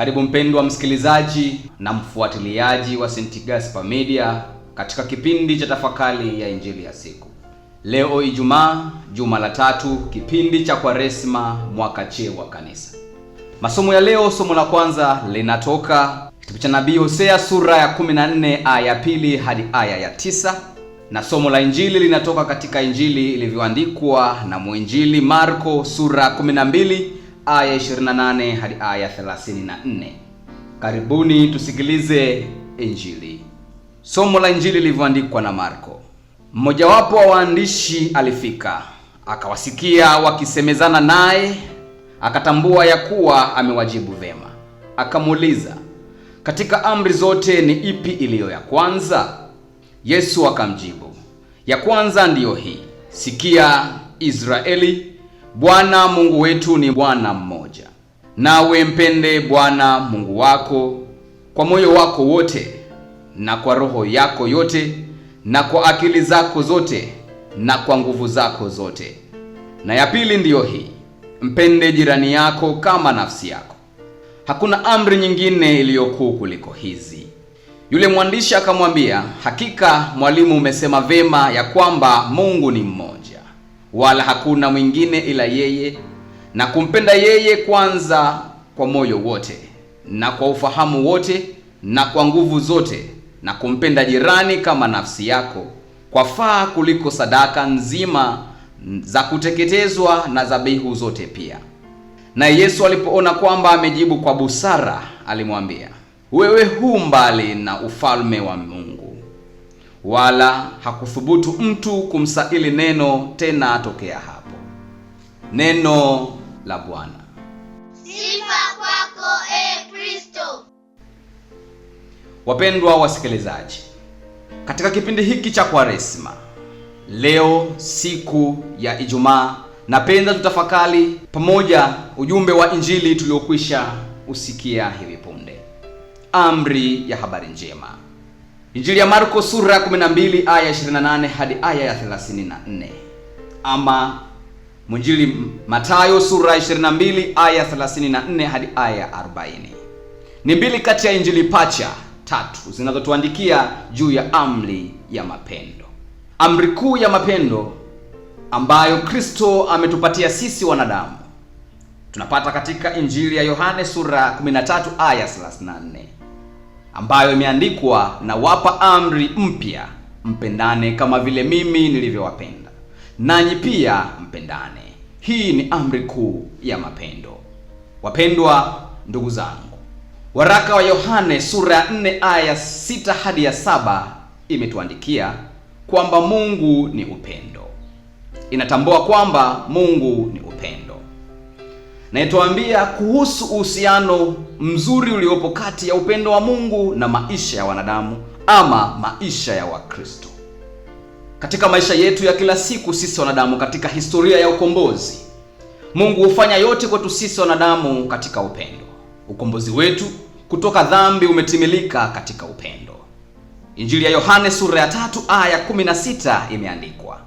Karibu mpendwa msikilizaji na mfuatiliaji wa St. Gaspar Media katika kipindi cha tafakari ya injili ya siku. Leo Ijumaa, juma la tatu, kipindi cha Kwaresma mwaka C wa Kanisa. Masomo ya leo, somo la kwanza linatoka kitabu cha nabii Hosea sura ya 14 aya ya pili hadi aya ya tisa na somo la injili linatoka katika injili ilivyoandikwa na mwinjili Marko sura 12 aya 28 hadi aya 34. Karibuni tusikilize Injili. Somo la Injili lilivyoandikwa na Marko. Mmojawapo wa waandishi alifika, akawasikia wakisemezana naye, akatambua ya kuwa amewajibu vema, akamuuliza, katika amri zote ni ipi iliyo ya kwanza? Yesu akamjibu, ya kwanza ndiyo hii, sikia Israeli Bwana Mungu wetu ni Bwana mmoja. Nawe mpende Bwana Mungu wako kwa moyo wako wote na kwa roho yako yote na kwa akili zako zote na kwa nguvu zako zote. Na ya pili ndiyo hii, mpende jirani yako kama nafsi yako. Hakuna amri nyingine iliyokuu kuliko hizi. Yule mwandishi akamwambia, hakika mwalimu, umesema vema ya kwamba Mungu ni mmoja wala hakuna mwingine ila yeye, na kumpenda yeye kwanza kwa moyo wote na kwa ufahamu wote na kwa nguvu zote, na kumpenda jirani kama nafsi yako, kwa faa kuliko sadaka nzima za kuteketezwa na dhabihu zote pia. Naye Yesu alipoona kwamba amejibu kwa busara, alimwambia, wewe hu mbali na ufalme wa Mungu wala hakuthubutu mtu kumsaili neno tena tokea hapo. Neno la Bwana. Sifa kwako e Kristo. Wapendwa wasikilizaji, katika kipindi hiki cha Kwaresma, leo siku ya Ijumaa, napenda tutafakali pamoja ujumbe wa Injili tuliokwisha usikia hivi punde, amri ya habari njema Injili ya Marko sura ya 12 aya 28 hadi aya ya 34. Ama Mwinjili Mathayo sura ya 22 aya 34 hadi aya 40. Ni mbili kati ya injili pacha tatu zinazotuandikia juu ya amri ya mapendo. Amri kuu ya mapendo ambayo Kristo ametupatia sisi wanadamu tunapata katika Injili ya Yohane sura 13 aya 34 ambayo imeandikwa na wapa amri mpya, mpendane kama vile mimi nilivyowapenda, nanyi pia mpendane. Hii ni amri kuu ya mapendo. Wapendwa ndugu zangu, waraka wa Yohane sura ya 4 aya ya hadi ya 7 imetuandikia kwamba Mungu ni upendo. Inatambua kwamba Mungu ni upendo naitwaambia kuhusu uhusiano mzuri uliopo kati ya upendo wa Mungu na maisha ya wanadamu ama maisha ya Wakristo. Katika maisha yetu ya kila siku, sisi wanadamu, katika historia ya ukombozi, Mungu hufanya yote kwetu sisi wanadamu katika upendo. Ukombozi wetu kutoka dhambi umetimilika katika upendo. Injili ya Yohane sura ya tatu aya 16 imeandikwa,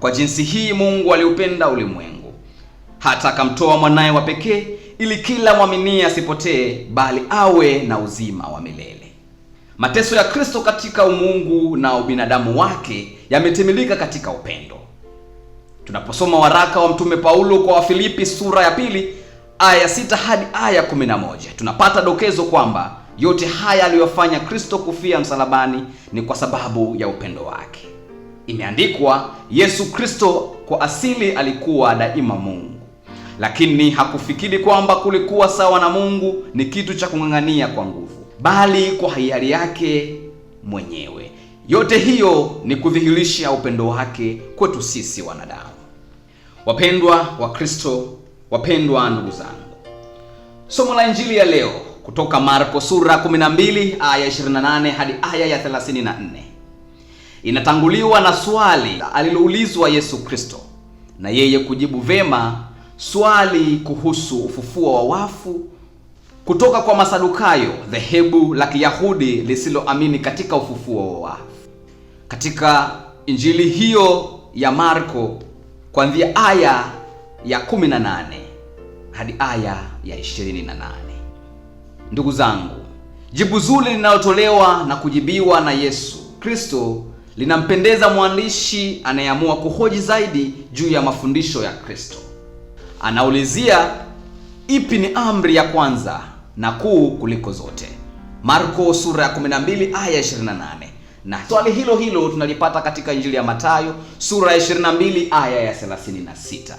kwa jinsi hii Mungu aliupenda ulimwengu hata akamtoa mwanaye wa pekee ili kila mwamini asipotee bali awe na uzima wa milele. Mateso ya Kristo katika umungu na ubinadamu wake yametimilika katika upendo. Tunaposoma waraka wa Mtume Paulo kwa Wafilipi sura ya pili aya sita hadi aya kumi na moja tunapata dokezo kwamba yote haya aliyofanya Kristo kufia msalabani ni kwa sababu ya upendo wake. Imeandikwa, Yesu Kristo kwa asili alikuwa daima Mungu lakini hakufikiri kwamba kulikuwa sawa na Mungu ni kitu cha kung'ang'ania kwa nguvu, bali kwa hiari yake mwenyewe. Yote hiyo ni kudhihirisha upendo wake kwetu sisi wanadamu. Wapendwa wa Kristo, wapendwa ndugu zangu, somo la injili ya leo kutoka Marko sura 12 aya 28 hadi aya ya 34 inatanguliwa na swali aliloulizwa Yesu Kristo na yeye kujibu vema swali kuhusu ufufuo wa wafu kutoka kwa Masadukayo, dhehebu la Kiyahudi lisiloamini katika ufufuo wa wafu. Katika Injili hiyo ya Marko kuanzia aya ya 18 hadi aya ya 28. Ndugu zangu, jibu zuri linalotolewa na kujibiwa na Yesu Kristo linampendeza mwandishi anayeamua kuhoji zaidi juu ya mafundisho ya Kristo anaulizia ipi ni amri ya kwanza na kuu kuliko zote. Marko sura ya 12 aya 28 na swali hilo hilo tunalipata katika Injili ya Mathayo sura ya 22 aya ya 36.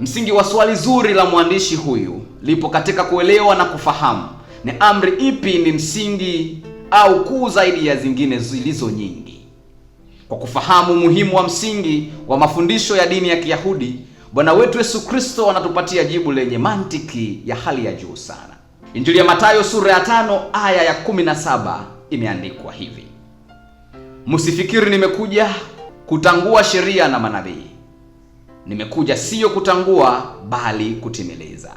Msingi wa swali zuri la mwandishi huyu lipo katika kuelewa na kufahamu ni amri ipi ni msingi au kuu zaidi ya zingine zilizo nyingi. Kwa kufahamu umuhimu wa msingi wa mafundisho ya dini ya Kiyahudi, Bwana wetu Yesu Kristo anatupatia jibu lenye mantiki ya hali ya juu sana. Injili ya Mathayo sura ya tano aya ya 17 imeandikwa hivi: msifikiri nimekuja kutangua sheria na manabii, nimekuja siyo kutangua, bali kutimiliza.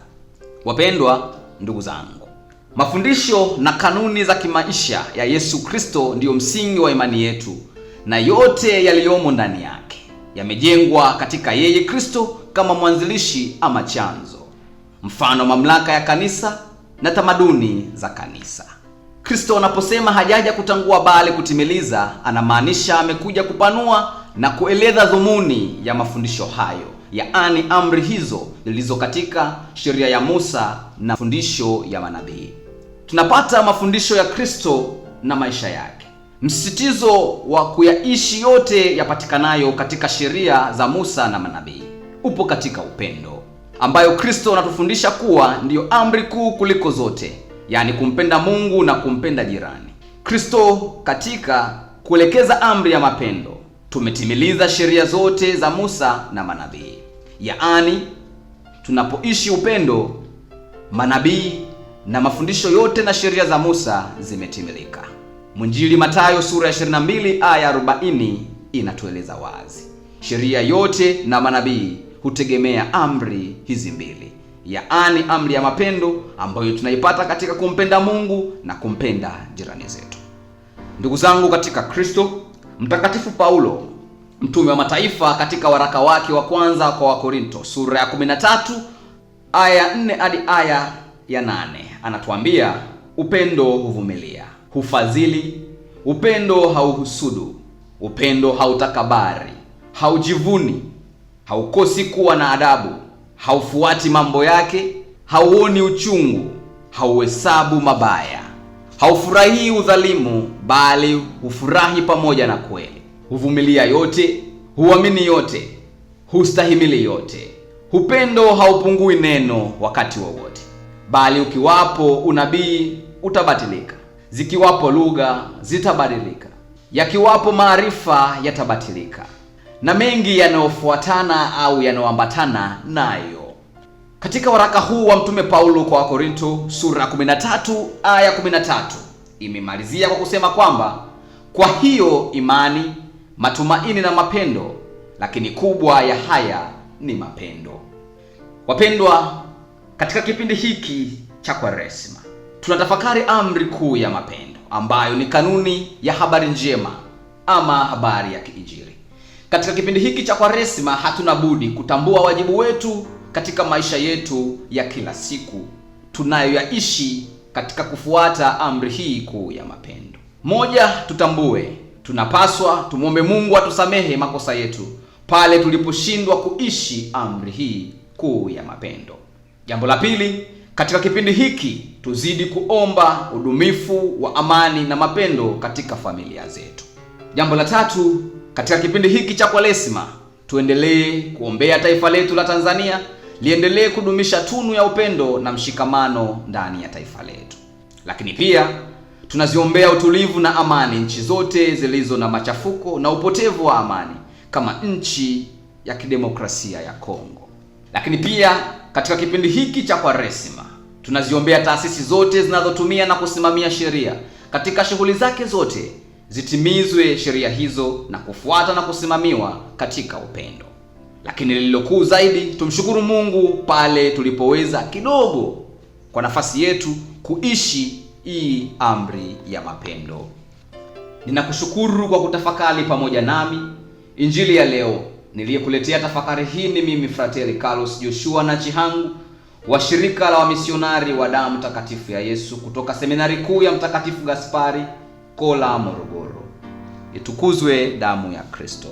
Wapendwa ndugu zangu, mafundisho na kanuni za kimaisha ya Yesu Kristo ndiyo msingi wa imani yetu na yote yaliyomo ndani yake yamejengwa katika yeye Kristo kama mwanzilishi ama chanzo, mfano mamlaka ya kanisa na tamaduni za kanisa. Kristo anaposema hajaja kutangua bali kutimiliza, anamaanisha amekuja kupanua na kueleza dhumuni ya mafundisho hayo, yaani amri hizo zilizo katika sheria ya Musa na fundisho ya manabii. Tunapata mafundisho ya Kristo na maisha yake. Msisitizo wa kuyaishi yote yapatikanayo katika sheria za Musa na manabii upo katika upendo, ambayo Kristo anatufundisha kuwa ndiyo amri kuu kuliko zote, yaani kumpenda Mungu na kumpenda jirani. Kristo katika kuelekeza amri ya mapendo tumetimiliza sheria zote za Musa na manabii, yaani tunapoishi upendo, manabii na mafundisho yote na sheria za Musa zimetimilika. Mwinjili Mathayo sura ya 22 aya 40 inatueleza wazi, sheria yote na manabii hutegemea amri hizi mbili, yaani amri ya mapendo ambayo tunaipata katika kumpenda Mungu na kumpenda jirani zetu. Ndugu zangu katika Kristo, Mtakatifu Paulo mtume wa mataifa katika waraka wake wa kwanza kwa Wakorinto sura ya 13 aya 4 hadi aya ya 8 anatuambia upendo huvumilia hufadhili, upendo hauhusudu, upendo hautakabari, haujivuni, haukosi kuwa na adabu, haufuati mambo yake, hauoni uchungu, hauhesabu mabaya, haufurahii udhalimu, bali hufurahi pamoja na kweli, huvumilia yote, huamini yote, hustahimili yote. Upendo haupungui neno wakati wowote, bali ukiwapo unabii utabatilika zikiwapo lugha zitabadilika, yakiwapo maarifa yatabatilika, na mengi yanayofuatana au yanayoambatana nayo. Katika waraka huu wa Mtume Paulo kwa Wakorinto sura 13 aya 13 imemalizia kwa kusema kwamba kwa hiyo imani, matumaini na mapendo, lakini kubwa ya haya ni mapendo. Wapendwa, katika kipindi hiki cha Kwaresma tunatafakari amri kuu ya mapendo ambayo ni kanuni ya habari njema ama habari ya kiinjili. Katika kipindi hiki cha Kwaresima hatuna budi kutambua wajibu wetu katika maisha yetu ya kila siku tunayoyaishi katika kufuata amri hii kuu ya mapendo. Moja, tutambue tunapaswa tumwombe Mungu atusamehe makosa yetu pale tuliposhindwa kuishi amri hii kuu ya mapendo. Jambo la pili, katika kipindi hiki tuzidi kuomba udumifu wa amani na mapendo katika familia zetu. Jambo la tatu, katika kipindi hiki cha Kwaresima tuendelee kuombea taifa letu la Tanzania liendelee kudumisha tunu ya upendo na mshikamano ndani ya taifa letu, lakini pia tunaziombea utulivu na amani nchi zote zilizo na machafuko na upotevu wa amani kama nchi ya kidemokrasia ya Kongo. Lakini pia katika kipindi hiki cha Kwaresima Tunaziombea taasisi zote zinazotumia na kusimamia sheria katika shughuli zake zote, zitimizwe sheria hizo na kufuata na kusimamiwa katika upendo. Lakini lililokuu zaidi, tumshukuru Mungu pale tulipoweza kidogo kwa nafasi yetu kuishi hii amri ya mapendo. Ninakushukuru kwa kutafakari pamoja nami injili ya leo. Niliyekuletea tafakari hii ni mimi Frateri Carlos Joshua Nachihangu wa shirika la wamisionari wa damu takatifu ya Yesu kutoka seminari kuu ya Mtakatifu Gaspari Kola, Morogoro. Itukuzwe damu ya Kristo!